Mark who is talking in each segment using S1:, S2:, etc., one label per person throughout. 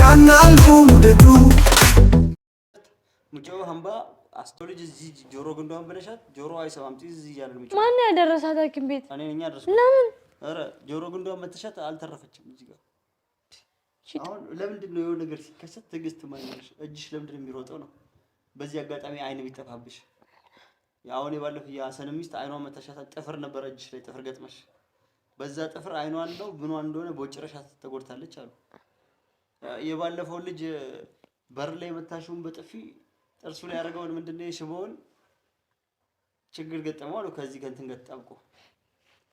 S1: ቻናል ውደዱ። ሙጫው ሀምባ አስተው እዚህ ጆሮ ግንዷን ብለሻት ጆሮ አይሰማም። እዚህ እያለ ነው። ማነው ያደረሳት ሐኪም ቤት? እኔ ነኝ ያደረስኩት። ለምን? ኧረ ጆሮ ግንዷን መተሻት አልተረፈችም። እዚህ ጋር አሁን ለምንድን ነው የሆነ ነገር ሲከሰት ትዕግስት ማይኖርሽ? እጅሽ ለምንድን ነው የሚሮጠው ነው? በዚህ አጋጣሚ አይን ቢጠፋብሽ አሁን የባለፈው የሀሰን ሚስት አይኗን መተሻት ጥፍር ነበረ እጅሽ ላይ ጥፍር ገጥመሽ፣ በዛ ጥፍር አይኗ አለው ምኗ እንደሆነ በወጭረሻት ተጎድታለች አሉ የባለፈውን ልጅ በር ላይ የመታሽውን በጥፊ ጥርሱ ላይ ያደረገውን ምንድን ነው የሽበውን ችግር ገጠመው አሉ። ከዚህ ከእንትን ጋር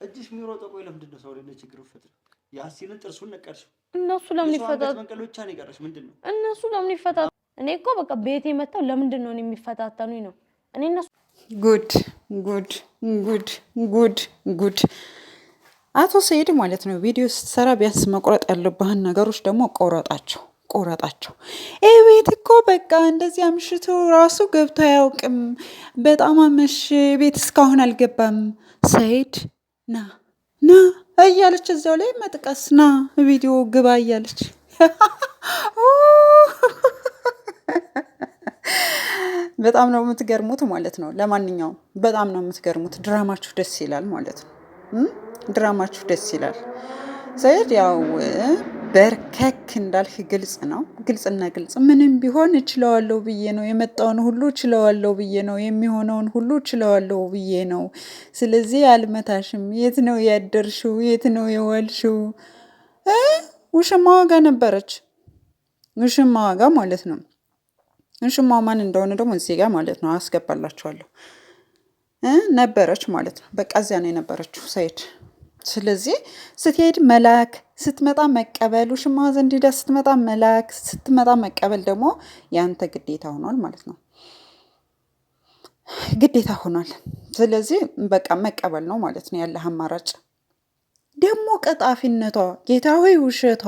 S1: እጅሽ የሚሮጠው ቆይ ለምንድን ነው ሰው ላይ ችግር ፈጥሮ የአሲልን ጥርሱን ነቀርሽው? እነሱ ለምን ይፈታል? መንቀል ብቻ ነው የቀረሽ። ምንድን ነው
S2: እነሱ ለምን ይፈታል? እኔ እኮ በቃ ቤቴ መጣው። ለምንድን ነው የሚፈታተኑኝ ነው? እኔ እነሱ
S3: ጉድ ጉድ ጉድ ጉድ ጉድ አቶ ሰይድ ማለት ነው ቪዲዮ ስትሰራ ቢያንስ መቁረጥ ያለብህን ነገሮች ደግሞ ቆረጣቸው ቆረጣቸው። ይህ ቤት እኮ በቃ እንደዚህ አምሽቶ ራሱ ገብቶ አያውቅም። በጣም አመሽ ቤት እስካሁን አልገባም። ሰይድ ና ና እያለች እዚያው ላይ መጥቀስ ና ቪዲዮ ግባ እያለች በጣም ነው የምትገርሙት ማለት ነው። ለማንኛውም በጣም ነው የምትገርሙት። ድራማችሁ ደስ ይላል ማለት ነው። ድራማችሁ ደስ ይላል። ሰይድ ያው በርከክ እንዳልህ ግልጽ ነው፣ ግልጽና ግልጽ ምንም ቢሆን እችለዋለሁ ብዬ ነው የመጣውን ሁሉ እችለዋለሁ ብዬ ነው የሚሆነውን ሁሉ እችለዋለሁ ብዬ ነው። ስለዚህ አልመታሽም። የት ነው ያደርሽው? የት ነው የዋልሽው? ውሽማ ዋጋ ነበረች። ውሽማ ዋጋ ማለት ነው። ውሽማው ማን እንደሆነ ደግሞ እዚህ ጋር ማለት ነው አስገባላችኋለሁ። ነበረች ማለት ነው። በቃ እዚያ ነው የነበረችው ሰይድ ስለዚህ ስትሄድ መላክ ስትመጣ መቀበል፣ ውሽማ ዘንድ ሄዳ ስትመጣ መላክ ስትመጣ መቀበል ደግሞ የአንተ ግዴታ ሆኗል ማለት ነው። ግዴታ ሆኗል። ስለዚህ በቃ መቀበል ነው ማለት ነው ያለህ አማራጭ። ደግሞ ቀጣፊነቷ ጌታ ሆይ ውሸቷ፣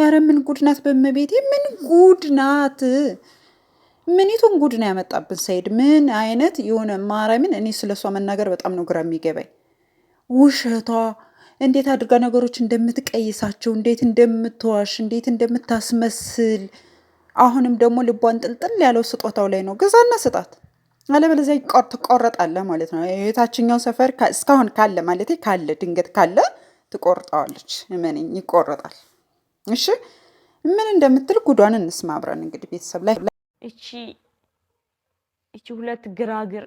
S3: ኧረ ምን ጉድ ናት! በመቤቴ ምን ጉድ ናት! ምኒቱን ጉድ ነው ያመጣብን ሰይድ። ምን አይነት የሆነ ማርያምን፣ እኔ ስለሷ መናገር በጣም ነው ግራ የሚገባኝ። ውሸቷ እንዴት አድርጋ ነገሮች እንደምትቀይሳቸው እንዴት እንደምትዋሽ እንዴት እንደምታስመስል አሁንም ደግሞ ልቧን ጥልጥል ያለው ስጦታው ላይ ነው። ግዛና ስጣት፣ አለበለዚያ ትቆረጣለ ማለት ነው። የታችኛው ሰፈር እስካሁን ካለ ማለት ካለ ድንገት ካለ ትቆርጠዋለች። ምን ይቆረጣል? እሺ ምን እንደምትል ጉዷን እንስማ አብረን። እንግዲህ ቤተሰብ ላይ
S2: እቺ ሁለት ግራግር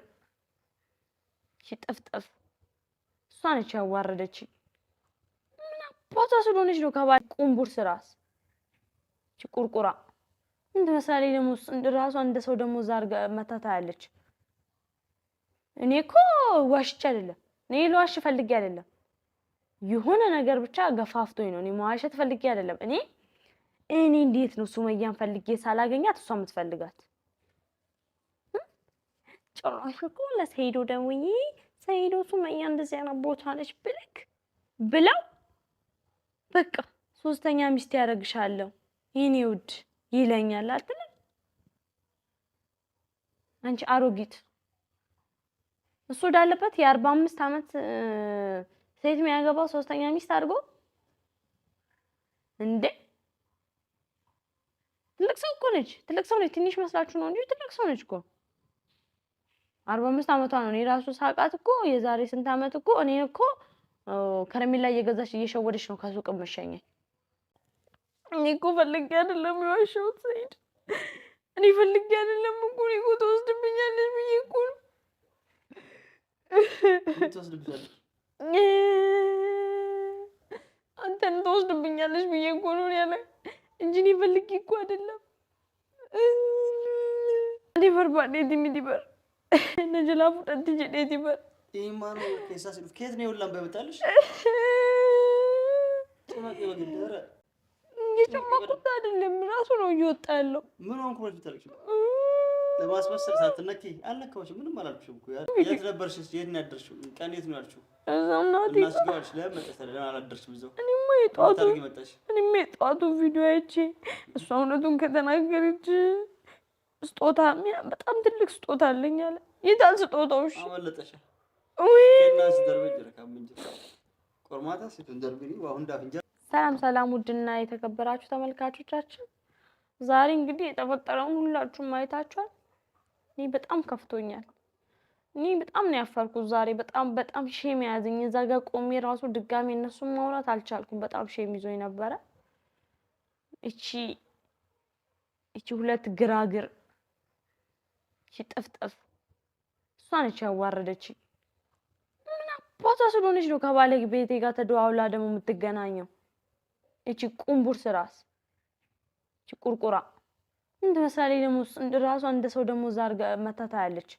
S2: እቺ እሷ ነች ያዋረደችኝ። ምን አባቷ ስለሆነች ነው። ከባድ ቁንቡር ስራስ ች ቁርቁራ እንደ ምሳሌ ደግሞ ራሷ እንደ ሰው ደግሞ ዛር መታታ ያለች። እኔ እኮ ዋሽቼ አይደለም፣ እኔ ለዋሽ ፈልጌ አይደለም። የሆነ ነገር ብቻ ገፋፍቶኝ ነው። እኔ መዋሸት ፈልጌ አይደለም። እኔ እኔ እንዴት ነው ሱመያን ፈልጌ ሳላገኛት እሷ የምትፈልጋት ጭራሽ እኮ ለሰይዶ ደውዬ ሰይዶ ሱመያ እንደዚህ አይነት ቦታ አለች ብለክ ብለው በቃ ሶስተኛ ሚስት ያደርግሻለሁ የኔ ውድ ይለኛል አትልም? አንቺ አሮጊት እሱ ወዳለበት የአርባ አምስት አመት ሴት የሚያገባው ሶስተኛ ሚስት አድርጎ እንዴ! ትልቅ ሰው እኮ ነች። ትልቅ ሰው ነች። ትንሽ መስላችሁ ነው እንጂ ትልቅ ሰው ነች እኮ አርባ አምስት ዓመቷ ነው። እኔ ራሱ ሳቃት እኮ የዛሬ ስንት ዓመት እኮ እኔ እኮ ከረሜላ እየገዛች እየሸወደች ነው ከሱቅ መሸኘኝ። እኔ እኮ ፈልጌ አይደለም የዋሸሁት ሰይድ፣ እኔ ፈልጌ አይደለም እኮ እኔ እኮ ተወስድብኛለች ብዬ እኮ ነው አንተን ተወስድብኛለች ብዬ እኮ ነው ያለ እንጂ እኔ ፈልጌ እኮ አይደለም ዲበር ባ ዲሚ ዲበር ነጀላ ቡጠት ጅዴት ይበር
S1: ይማኑ ኬሳ ሲሉ ከየት ነው ሁላም በመጣልሽ ጭማቂ በግደረ
S2: እየጨማቁት አይደለም ራሱ ነው እየወጣ ያለው።
S1: ምን ሆንኩ ብለሽ ብታለቅሽ ለማስመሰል ሳትነኪ አልነካሁሽም፣ ምንም አላልኩሽም እኮ። የት ነበርሽ? የት ነው ያደርሽው? ቀን የት ነው ያልሽው? እዛው ናት እናስገዋልሽ። ለምን መጣሽ? ለምን አላደርሽም እዛው?
S2: እኔማ የጠዋቱ እኔማ የጠዋቱ ቪዲዮ አይቼ እሷ እውነቱን ከተናገረች ስጦታ በጣም ትልቅ ስጦታ አለኝ አለ። ስጦታው? እሺ ሰላም ሰላም፣ ውድና የተከበራችሁ ተመልካቾቻችን ዛሬ እንግዲህ የተፈጠረውን ሁላችሁም ማየታችኋል። እኔ በጣም ከፍቶኛል። እኔ በጣም ነው ያፈርኩት ዛሬ። በጣም በጣም ሼም የያዘኝ እዛ ቆሜ ራሱ ድጋሜ እነሱን ማውራት አልቻልኩም። በጣም ሼም ይዞኝ ነበረ። እቺ እቺ ሁለት ግራግር ሽጥፍጥፍ እሷ ነች ያዋረደች። ምን አባቷ ስለሆነች ነው ከባለ ቤቴ ጋር ተደዋውላ ደግሞ የምትገናኘው? እቺ ቁንቡር ስራስ እቺ ቁርቁራ እንደ ምሳሌ ደግሞ ራሷ እንደ ሰው ደግሞ ዛር መታታ ያለች።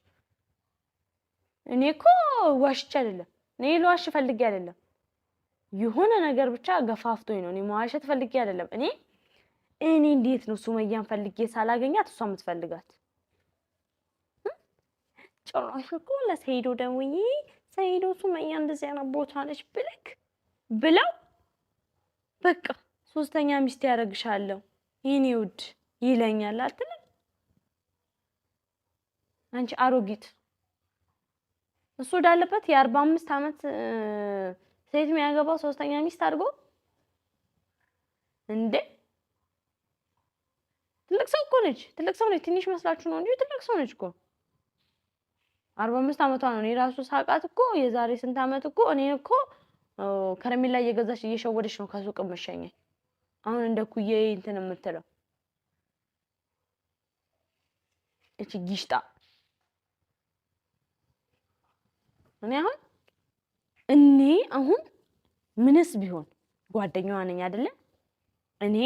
S2: እኔ እኮ ዋሽቼ አይደለም፣ እኔ ልዋሽ ፈልጌ አይደለም። የሆነ ነገር ብቻ ገፋፍቶኝ ነው። እኔ መዋሸት ፈልጌ አይደለም። እኔ እኔ እንዴት ነው ሱመያን ፈልጌ ሳላገኛት እሷ የምትፈልጋት ጭራሽ እኮ ለሰይዶ ደውዬ ሰይዶ ሱመያ እንደዚህ አይነት ቦታ አለች ብልክ ብለው በቃ ሶስተኛ ሚስት ያደርግሻለሁ የኔ ውድ ይለኛል አትልም? አንቺ አሮጊት እሱ ወዳለበት የአርባ አምስት ዓመት ሴት የሚያገባው ሶስተኛ ሚስት አድርጎ እንዴ! ትልቅ ሰው እኮ ነች። ትልቅ ሰው ነች። ትንሽ መስላችሁ ነው እንጂ ትልቅ ሰው ነች እኮ አርባ አምስት ዓመቷ ነው። እኔ ራሱ ሳቃት እኮ የዛሬ ስንት ዓመት እኮ እኔ እኮ ከረሜላ እየገዛች እየሸወደች ነው ከሱቅ የምትሸኘኝ። አሁን እንደ ኩዬ እንትን የምትለው እቺ ጊሽጣ። እኔ አሁን እኔ አሁን ምንስ ቢሆን ጓደኛዋ ነኝ አይደለም እኔ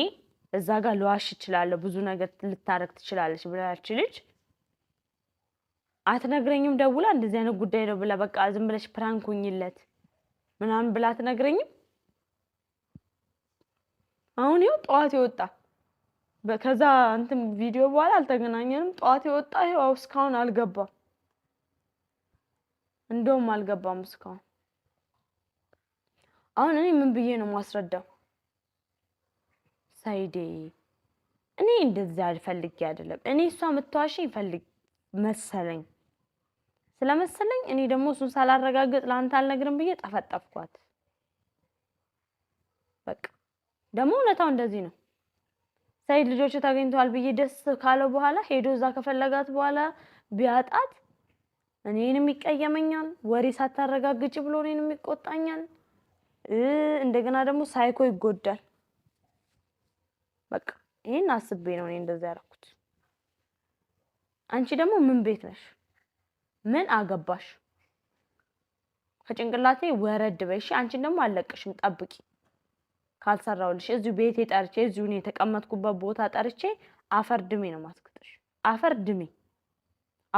S2: እዛ ጋር ልዋሽ እችላለሁ። ብዙ ነገር ልታረግ ትችላለች ብላችልጅ? ልጅ አትነግረኝም ደውላ እንደዚህ አይነት ጉዳይ ነው ብላ በቃ ዝም ብለሽ ፕራንክ ሁኝለት ምናምን ብላ አትነግረኝም። አሁን ይኸው ጠዋት የወጣ ከዛ እንትን ቪዲዮ በኋላ አልተገናኘንም። ጠዋት የወጣ ይኸው እስካሁን አልገባም፣ እንደውም አልገባም እስካሁን። አሁን እኔ ምን ብዬ ነው ማስረዳው? ሳይዴ እኔ እንደዚህ አልፈልግ አይደለም። እኔ እሷ የምታዋሽኝ ፈልግ መሰለኝ ስለመሰለኝ እኔ ደግሞ እሱን ሳላረጋግጥ ለአንተ አልነግርም ብዬ ጠፈጠፍኳት። በቃ ደግሞ እውነታው እንደዚህ ነው። ሰይድ ልጆች ታገኝተዋል ብዬ ደስ ካለው በኋላ ሄዶ እዛ ከፈለጋት በኋላ ቢያጣት እኔንም ይቀየመኛል። ወሬ ሳታረጋግጭ ብሎ እኔንም ይቆጣኛል። እንደገና ደግሞ ሳይኮ ይጎዳል። በቃ ይሄን አስቤ ነው እኔ እንደዛ ያደረኩት። አንቺ ደግሞ ምን ቤት ነሽ? ምን አገባሽ? ከጭንቅላቴ ወረድ በይሽ። አንቺን ደግሞ አለቅሽም፣ ጠብቂ ካልሰራውልሽ እዚሁ ቤቴ ጠርቼ እዚሁ እኔ የተቀመጥኩበት ቦታ ጠርቼ አፈር ድሜ ነው ማስክጥሽ። አፈር ድሜ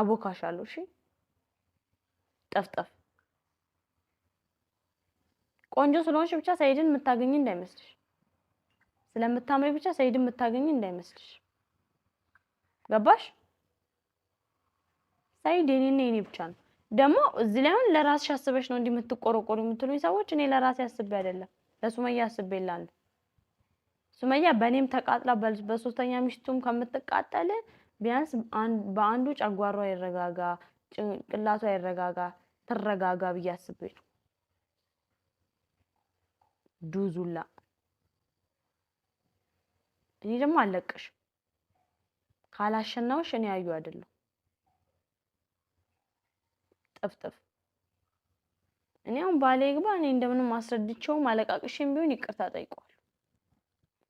S2: አቦካሻለሁ። እሺ ጠፍጠፍ ቆንጆ ስለሆንሽ ብቻ ሰይድን የምታገኝ እንዳይመስልሽ፣ ስለምታምሪ ብቻ ሰይድን የምታገኝ እንዳይመስልሽ። ገባሽ? ሳይ የኔና የኔ ብቻ ነው። ደግሞ እዚህ ላይ አሁን ለራስሽ አስበሽ ነው እንዲህ የምትቆረቆሩ የምትሉኝ ሰዎች፣ እኔ ለራሴ አስቤ አይደለም ለሱመያ አስቤ እላለሁ። ሱመያ በእኔም ተቃጥላ በሶስተኛ ሚስቱም ከምትቃጠል ቢያንስ በአንዱ ጨጓሯ ይረጋጋ፣ ጭንቅላቷ ይረጋጋ፣ ትረጋጋ ብዬ አስቤ ነው። ዱዙላ እኔ ደግሞ አለቀሽ ካላሸናውሽ እኔ ያዩ አይደለም ጥፍጥፍ። እኔ አሁን ባሌ ግባ እኔ እንደምንም አስረድቼውም አለቃቅሽም ቢሆን ይቅርታ ጠይቋል።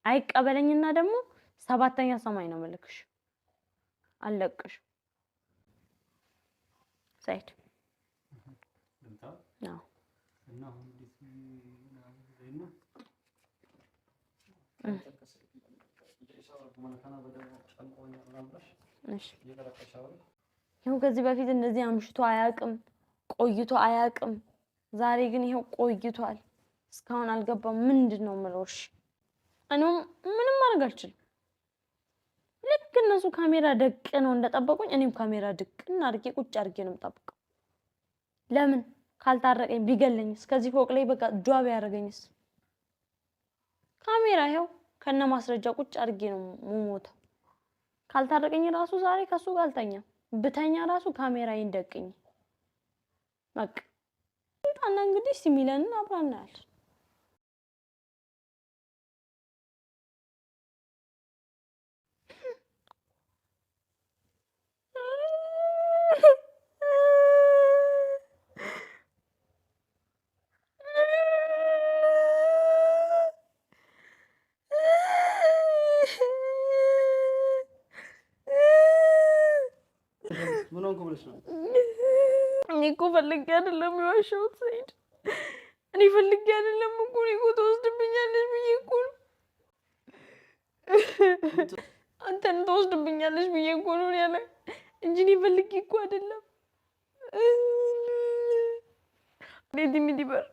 S2: አይቀበለኝና ደግሞ ሰባተኛ ሰማይ ነው መልክሽ። አለቅሽ ሳይድ ይኸው ከዚህ በፊት እንደዚህ አምሽቶ አያቅም፣ ቆይቶ አያቅም። ዛሬ ግን ይኸው ቆይቷል። እስካሁን አልገባም። ምንድን ነው ምሎሽ? እኔም ምንም ማድረግ አልችልም። ልክ እነሱ ካሜራ ደቅ ነው እንደጠበቁኝ እኔም ካሜራ ድቅን አድርጌ ቁጭ አድርጌ ነው የምጠብቀው። ለምን ካልታረቀኝ ቢገለኝስ? ከዚህ ፎቅ ላይ በቃ ጇብ ያደረገኝስ? ካሜራ ይኸው ከነ ማስረጃ ቁጭ አድርጌ ነው የምሞተው። ካልታረቀኝ ራሱ ዛሬ ከሱ ጋር አልተኛም። ብተኛ ራሱ ካሜራ ይንደቅኝ በቃ ጣና እንግዲህ ሲሚለንን አብራና ያል እንደሆንኩ ብለሽ ነው። እኔ እኮ ፈልጌ አይደለም የዋሸሁት ሰይድ። እኔ ፈልጌ አይደለም እኮ እኔ እኮ ተወስድብኛለሽ ብዬ እኮ ነው አንተን ተወስድብኛለሽ ብዬ እኮ ነው ያለ እንጂ እኔ ፈልጌ እኮ አይደለም። ዴቲ ሚዲበር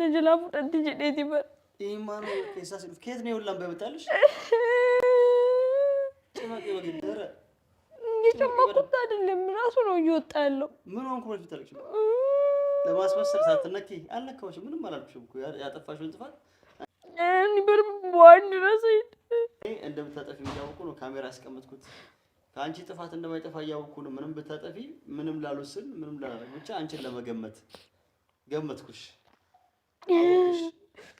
S2: ነጀላ ፉጠት ጅ ዴቲ በር
S1: ይህማ ነው ሳ ከየት ነው የወላን ባይመጣልሽ ጭማቂ ወግደ
S2: እየጨመቁት አይደለም፣ ራሱ ነው እየወጣ ያለው።
S1: ምን ሆንኩ ብለሽ ብታለቅሽ ለማስመሰል ሳትነኪ አልነካሁሽም፣ ምንም አላልኩሽም እኮ ያጠፋሽውን ጥፋት
S2: በርቧን ድረስ
S1: እንደምታጠፊ እያወቁ ነው ካሜራ ያስቀመጥኩት። ከአንቺ ጥፋት እንደማይጠፋ እያወቁ ነው። ምንም ብታጠፊ ምንም ላሉስን ምንም ላላረግ ብቻ አንቺን ለመገመት ገመትኩሽ።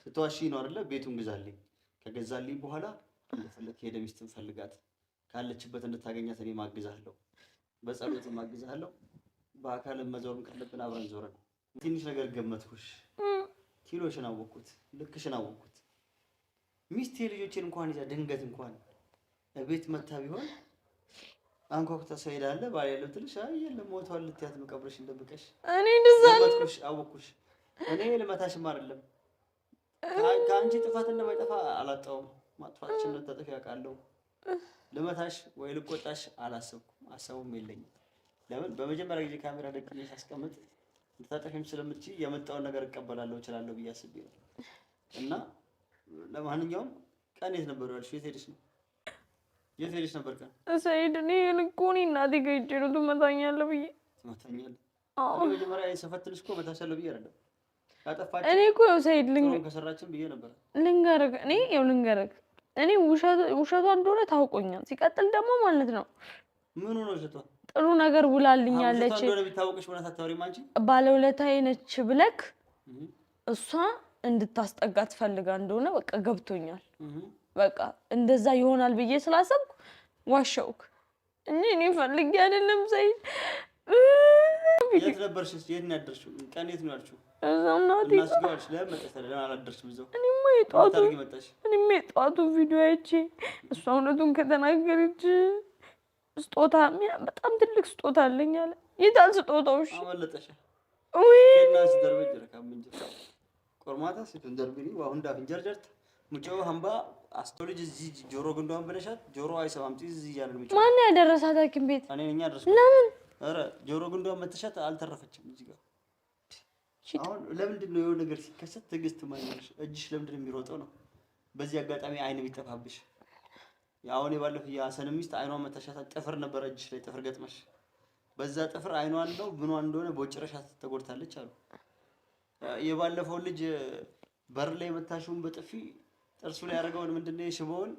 S1: ስትዋሺ ነው አይደለ? ቤቱን ግዛልኝ። ከገዛልኝ በኋላ እንደፈለግ ሄደ ሚስትን ፈልጋት ካለችበት እንድታገኛት እኔ ማግዛለሁ፣ በጸሎት ማግዛለሁ። በአካል መዞርም ካለብን አብረን ዞረን። ትንሽ ነገር ገመትኩሽ፣ ኪሎሽን አወቅኩት፣ ልክሽን አወቅኩት። ሚስቴ ልጆችን እንኳን ይዛ ድንገት እንኳን እቤት መታ ቢሆን አንኳኩታ ሰው ሄዳለ ባል ያለው ትንሽ አይ የለም ሞቷል ልትያት መቀብረሽ እንደብቀሽ እኔ እንደዛ አወቅኩሽ። እኔ ልመታሽም አይደለም ከአንቺ ጥፋት እንደማይጠፋ አላጣውም። ማጥፋችን ተጠፊ ያውቃለሁ ልመታሽ ወይ ልቆጣሽ አላሰብኩም፣ ሀሳቡም የለኝም። ለምን በመጀመሪያ ጊዜ ካሜራ ደቅሜ ሳስቀምጥ እንድታጠፊም ስለምትችይ የመጣውን ነገር እቀበላለሁ እችላለሁ ብዬ አስቤ ነው። እና ለማንኛውም ቀን የት ነበር ያልሽው? የት ሄደሽ ነው? የት ሄደሽ ነበር ቀን?
S2: ሰይድ፣ እኔ ልክ እኔ እናቴ ጋር ሂጅ ነው ትመታኛለህ ብዬ
S1: ትመታኛለህ። መጀመሪያ ስፈትንሽ እኮ መታሻለሁ ብዬ አይደለም ያጠፋችው።
S2: እኔ እኮ ሰይድ
S1: ልንገርህ፣ ከሰራችን ብዬ ነበር።
S2: ልንገርህ እኔ ያው ልንገርህ እኔ ውሸቷ እንደሆነ ታውቆኛል። ሲቀጥል ደግሞ ማለት ነው ምኑ ነው ውሸቷ? ጥሩ ነገር ውላልኛለች ባለውለታዬ ነች ብለክ እሷ እንድታስጠጋ ትፈልጋ እንደሆነ በቃ ገብቶኛል። በቃ እንደዛ ይሆናል ብዬ ስላሰብኩ ዋሻውክ እኔ እኔ ፈልጌ አይደለም። ዘይ
S1: የት ነበርሽ? የት ነው ያደርሽው? ቀን የት ነው ያልሽው?
S2: እኔማ የጠዋቱ ቪዲዮ አይቼ እሷ እውነቱን ከተናገረች ስጦታ በጣም ትልቅ ስጦታ አለኝ አለ። የታል ስጦታው?
S1: ቆርማታ ሴቱን ደርብኒ ዋሁን ዳፍን ጀርጀርት ሙጨው ሀምባ አስቶሎጂ እዚህ ጆሮ ግንዷን ብለሻት ጆሮ አይሰማም። ጢዝ እዚህ እያለ
S2: ነው። ማን ያደረሳት ሐኪም ቤት? እኔ ነኝ ያደረስኩት። ለምን?
S1: ኧረ ጆሮ ግንዷን መተሻት አልተረፈችም እዚህ ጋር አሁን ለምንድን ነው የሆነ ነገር ሲከሰት ትዕግስት ማይኖርሽ? እጅሽ ለምንድን ነው የሚሮጠው ነው? በዚህ አጋጣሚ አይን ቢጠፋብሽ አሁን የባለፈ የሀሰን ሚስት አይኗ መታሻታ ጥፍር ነበረ እጅሽ ላይ ጥፍር ገጥመሽ፣ በዛ ጥፍር አይኗ ነው ምኗ እንደሆነ በጭረሻ ተጎድታለች አሉ። የባለፈው ልጅ በር ላይ መታሽውን በጥፊ ጥርሱ ላይ ያደረገውን ምንድን የሽበውን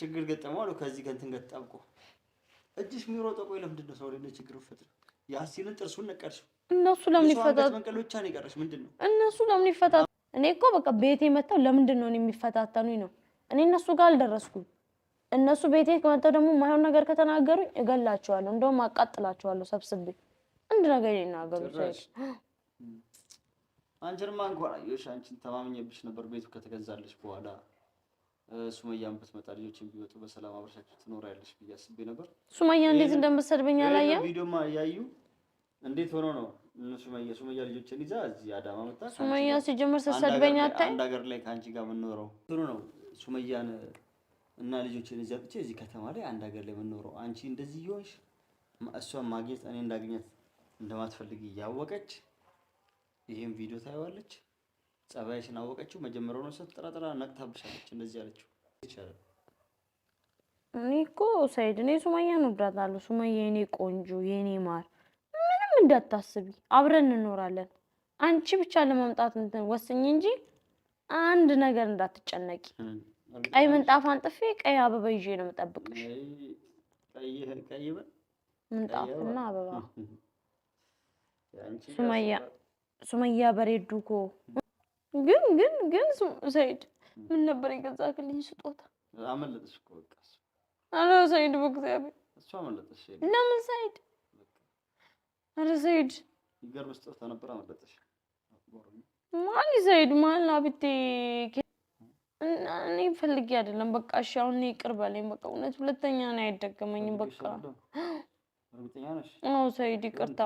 S1: ችግር ገጠመው አሉ። ከዚህ ከንትን ጋር እጅሽ የሚሮጠው ቆይ፣ ለምንድን ሰው ላይ ችግር ፈጥሮ ያሲንን ጥርሱን ነቀርሽው? እነሱ ለምን ይፈታታሉ?
S2: እነሱ ለምን ይፈታታሉ? እኔ እኮ በቃ ቤቴ መጥተው ለምንድን ነው የሚፈታተኑኝ ነው? እኔ እነሱ ጋር አልደረስኩም። እነሱ ቤቴ መጥተው ደግሞ የማይሆን ነገር ከተናገሩኝ እገላቸዋለሁ፣ እንደውም አቃጥላቸዋለሁ ሰብስቤ። አንድ ነገር ይናገሩ
S1: ሰይድ። አንቺንማ እንኳን አየሁሽ፣ አንቺን ተማምኜብሽ ነበር። ቤቱ ከተገዛለች በኋላ ሱመያን ብትመጣ ልጆችን ቢወጡ በሰላም አብረሻችሁ ትኖሪያለሽ ብዬሽ አስቤ ነበር።
S2: ሱመያ እንዴት እንደምትሰድበኝ
S1: አላየህም? ቪዲዮማ ያዩ እንዴት ሆኖ ነው ሱመያ ሱመያ ልጆችን ይዛ እዚህ አዳማ መጣ?
S2: ሱመያ ሲጀምር ስትሰድበኝ አታይ።
S1: አንድ ሀገር ላይ ከአንቺ ጋር የምንኖረው ጥሩ ነው። ሱመያን እና ልጆችን እዚህ ብቻ እዚህ ከተማ ላይ አንድ ሀገር ላይ የምንኖረው አንቺ እንደዚህ እየሆንሽ እሷን ማግኘት እኔ እንዳገኘት እንደማትፈልግ እያወቀች ይህም ቪዲዮ ታየዋለች። ጸባይሽን አወቀችው። መጀመሪያውን ስትጠራጠራ ነቅታብሻለች። እንደዚህ አለችው ይቻላል
S2: እኔ እኮ ሰይድ እኔ ሱመያን እወዳታለሁ። ሱመያ የኔ ቆንጆ የኔ ማር ምንም እንዳታስቢ፣ አብረን እንኖራለን። አንቺ ብቻ ለመምጣት እንትን ወስኝ እንጂ አንድ ነገር እንዳትጨነቂ። ቀይ ምንጣፍ አንጥፌ ቀይ አበባ ይዤ ነው የምጠብቅሽ። ምንጣፍና አበባ ሱመያ ሱመያ በሬዱ እኮ ግን ግን ግን ሰይድ ምን ነበር የገዛክልኝ ስጦታ?
S1: አመለጥሽ እኮ በቃ።
S2: አለ ሰይድ በእግዚአብሔር ለምን ሰይድ ኧረ ዘይድ
S1: ይገርም ስጦታ ነበር አመለጠሽ።
S2: ማን ዘይድ ማን አብቴ እኔ ፈልጌ አይደለም። በቃ እሺ አሁን እኔ ይቅር በለኝ። በቃ እውነት ሁለተኛ ነው አይደገመኝም። በቃ አዎ ሰይድ ይቅርታ፣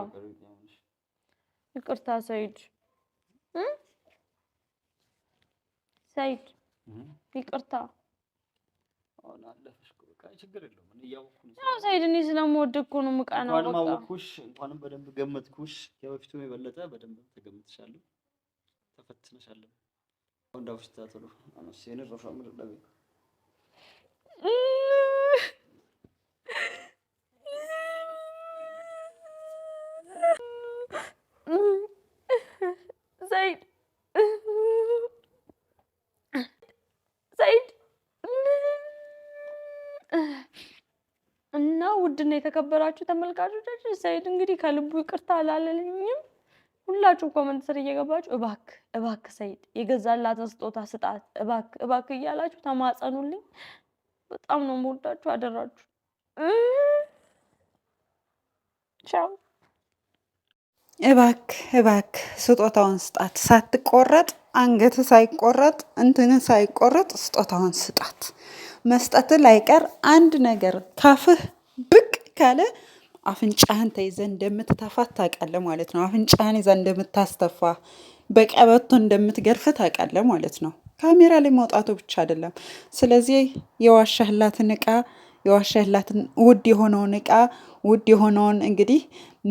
S2: ይቅርታ ሰይድ ሰይድ ይቅርታ
S1: ችግር የለውም።
S2: ያው ሳይድ እኔ ስለምወድህ እኮ ነው። ምቃ ነው
S1: እንኳንም አወኩሽ፣ እንኳንም በደንብ ገመትኩሽ። የበፊቱም የበለጠ በደንብ ተገምትሻለሁ፣ ተፈትነሻለሁ። ወንዳውሽ ታጥሩ አነስ የነረፋ ምድር ለቤት
S2: የተከበራችሁ ተመልካቾቻችን ሰኢድ እንግዲህ ከልቡ ይቅርታ አላለልኝም። ሁላችሁ ኮመንት ስር እየገባችሁ እባክ እባክ ሰይድ የገዛላትን ስጦታ ስጣት እባክ እባክ እያላችሁ ተማጸኑልኝ። በጣም ነው መወዳችሁ። አደራችሁ። ቻው።
S3: እባክ እባክ ስጦታውን ስጣት ሳትቆረጥ አንገት ሳይቆረጥ እንትን ሳይቆረጥ ስጦታውን ስጣት። መስጠት ላይቀር አንድ ነገር ካፍህ ብቅ ካለ አፍንጫህን ተይዘ እንደምትተፋ ታውቃለህ ማለት ነው። አፍንጫህን ይዛ እንደምታስተፋ በቀበቶ እንደምትገርፍ ታውቃለህ ማለት ነው። ካሜራ ላይ መውጣቱ ብቻ አይደለም። ስለዚህ የዋሻህላትን እቃ የዋሻህላትን ውድ የሆነውን እቃ ውድ የሆነውን እንግዲህ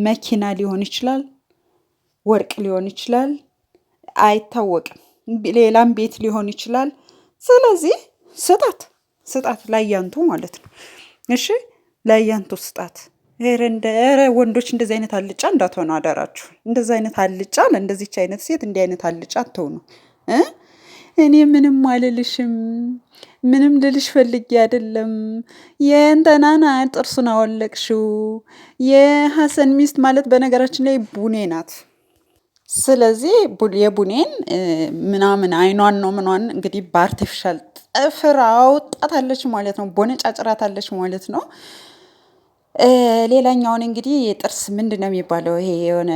S3: መኪና ሊሆን ይችላል፣ ወርቅ ሊሆን ይችላል፣ አይታወቅም። ሌላም ቤት ሊሆን ይችላል። ስለዚህ ስጣት ስጣት ላይ ያንቱ ማለት ነው እሺ ለያንት ውስጣት ረ ወንዶች እንደዚህ አይነት አልጫ እንዳትሆነ አደራችሁ። እንደዚህ አይነት አልጫ ለእንደዚች አይነት ሴት እንዲህ አይነት አልጫ አትሆኑ። እኔ ምንም አልልሽም፣ ምንም ልልሽ ፈልጌ አይደለም። የእንተናና ጥርሱን አወለቅሽው። የሀሰን ሚስት ማለት በነገራችን ላይ ቡኔ ናት። ስለዚህ የቡኔን ምናምን አይኗን ነው ምኗን እንግዲህ በአርቲፊሻል ጥፍር አውጣታለች ማለት ነው። ቦነጫጭራታለች ማለት ነው። ሌላኛውን እንግዲህ ጥርስ ምንድን ነው የሚባለው? ይሄ የሆነ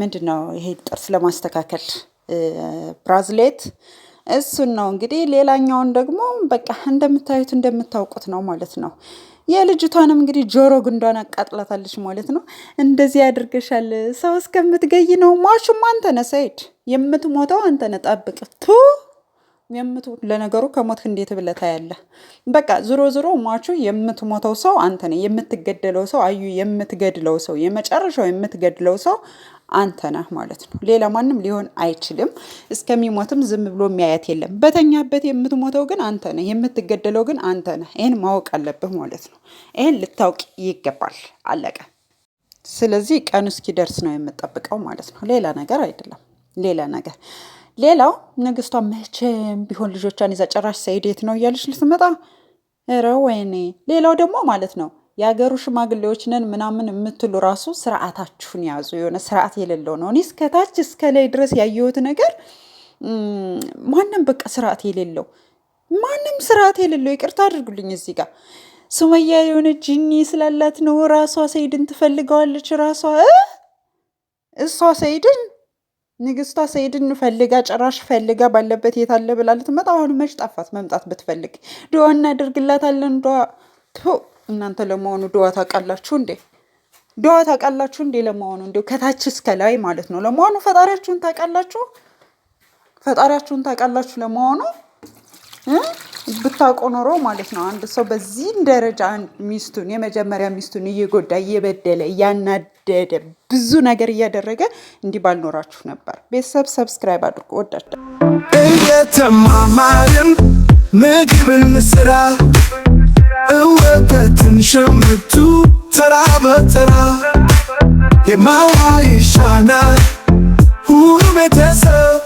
S3: ምንድን ነው ይሄ ጥርስ ለማስተካከል ብራዝሌት፣ እሱን ነው እንግዲህ። ሌላኛውን ደግሞ በቃ እንደምታዩት እንደምታውቁት ነው ማለት ነው። የልጅቷንም እንግዲህ ጆሮ ግንዷን አቃጥላታለች ማለት ነው። እንደዚህ ያድርገሻል ሰው እስከምትገይ ነው። ማሹም አንተ ነህ የምትሞተው አንተ ነህ። ጠብቅ ቱ የምትሞት ለነገሩ ከሞት እንዴት ብለህ ታያለህ። በቃ ዝሮ ዝሮ ሟቹ የምትሞተው ሰው አንተ ነህ። የምትገደለው ሰው አዩ፣ የምትገድለው ሰው የመጨረሻው የምትገድለው ሰው አንተ ነህ ማለት ነው። ሌላ ማንም ሊሆን አይችልም። እስከሚሞትም ዝም ብሎ የሚያያት የለም። በተኛበት የምትሞተው ግን አንተ ነህ፣ የምትገደለው ግን አንተ ነህ። ይህን ማወቅ አለብህ ማለት ነው። ይህን ልታውቅ ይገባል። አለቀ። ስለዚህ ቀኑ እስኪደርስ ነው የምጠብቀው ማለት ነው። ሌላ ነገር አይደለም። ሌላ ነገር ሌላው ንግስቷ መቼም ቢሆን ልጆቿን ይዛ ጭራሽ ሰኢድ የት ነው እያለች ልትመጣ ኧረ ወይኔ። ሌላው ደግሞ ማለት ነው የሀገሩ ሽማግሌዎች ነን ምናምን የምትሉ ራሱ ስርዓታችሁን ያዙ። የሆነ ስርዓት የሌለው ነው። እኔ እስከታች እስከ ላይ ድረስ ያየሁት ነገር ማንም በቃ ስርዓት የሌለው ማንም ስርዓት የሌለው ይቅርታ አድርጉልኝ። እዚህ ጋር ሱመያ የሆነ ጂኒ ስላላት ነው ራሷ ሰኢድን ትፈልገዋለች። ራሷ እሷ ሰኢድን ንግስቷ ሰይድ ፈልጋ ጭራሽ ፈልጋ ባለበት የታለ ብላ ልትመጣ አሁን መች ጠፋት። መምጣት ብትፈልግ ድዋ እናደርግላታለን። ድዋ ቱ እናንተ ለመሆኑ ድዋ ታውቃላችሁ እንዴ? ድዋ ታውቃላችሁ እንዴ? ለመሆኑ እንዲ ከታች እስከ ላይ ማለት ነው። ለመሆኑ ፈጣሪያችሁን ታውቃላችሁ? ፈጣሪያችሁን ታውቃላችሁ ለመሆኑ ብታውቁ ኖሮ ማለት ነው። አንድ ሰው በዚህ ደረጃ ሚስቱን የመጀመሪያ ሚስቱን እየጎዳ እየበደለ እያናደደ ብዙ ነገር እያደረገ እንዲህ ባልኖራችሁ ነበር። ቤተሰብ ሰብስክራይብ አድርጎ ወዳቸው እየተማማርን ምግብን ስራ እወተትን ሸምቱ ተራ በተራ የማዋይሻናል ሁሉ ቤተሰብ